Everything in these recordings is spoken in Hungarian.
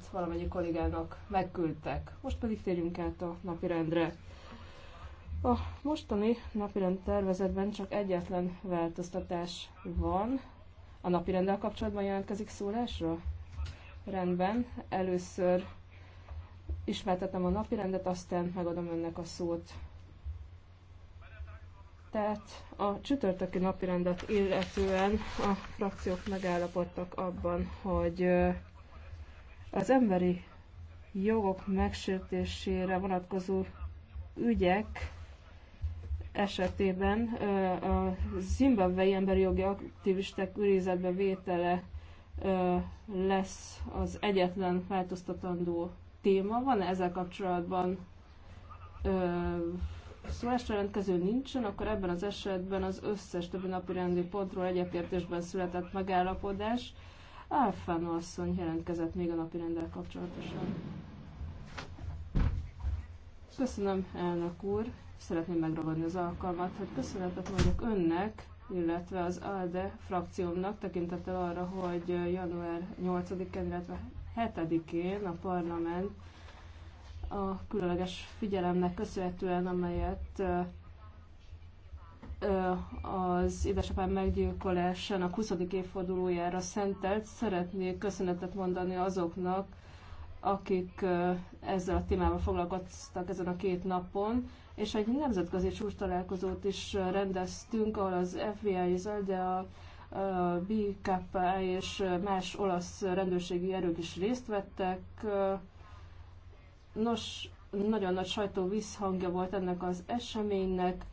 ezt valamennyi kollégának megküldtek. Most pedig térjünk át a napirendre. A mostani napirend tervezetben csak egyetlen változtatás van. A napirenddel kapcsolatban jelentkezik szólásra? Rendben, először ismertetem a napirendet, aztán megadom önnek a szót. Tehát a csütörtöki napirendet illetően a frakciók megállapodtak abban, hogy az emberi jogok megsértésére vonatkozó ügyek esetében a zimbabwei emberi jogi aktivisták őrizetbe vétele lesz az egyetlen változtatandó téma. van -e ezzel kapcsolatban szólásra rendkező nincsen, akkor ebben az esetben az összes többi napi rendi pontról egyetértésben született megállapodás. Alfano asszony jelentkezett még a napi rendel kapcsolatosan. Köszönöm, elnök úr. Szeretném megragadni az alkalmat, hogy köszönetet mondjak önnek, illetve az ALDE frakciómnak tekintettel arra, hogy január 8-án, illetve 7-én a parlament a különleges figyelemnek köszönhetően, amelyet az édesapám meggyilkolásának 20. évfordulójára szentelt. Szeretnék köszönetet mondani azoknak, akik ezzel a témával foglalkoztak ezen a két napon, és egy nemzetközi csúcs találkozót is rendeztünk, ahol az FBI, de a BKP és más olasz rendőrségi erők is részt vettek. Nos, nagyon nagy sajtó visszhangja volt ennek az eseménynek,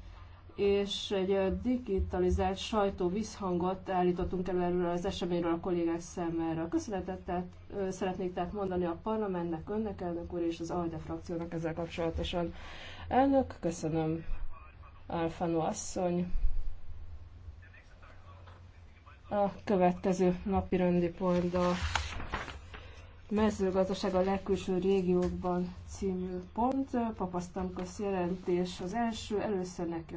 és egy digitalizált sajtó visszhangot állítottunk elő erről az eseményről a kollégák számára. Köszönetet tehát, szeretnék tehát mondani a parlamentnek, önnek, elnök úr és az ALDE frakciónak ezzel kapcsolatosan. Elnök, köszönöm. Alfano asszony. A következő napi rendi pont a mezőgazdaság a legkülső régiókban című pont. Papasztamkosz jelentés az első, először neki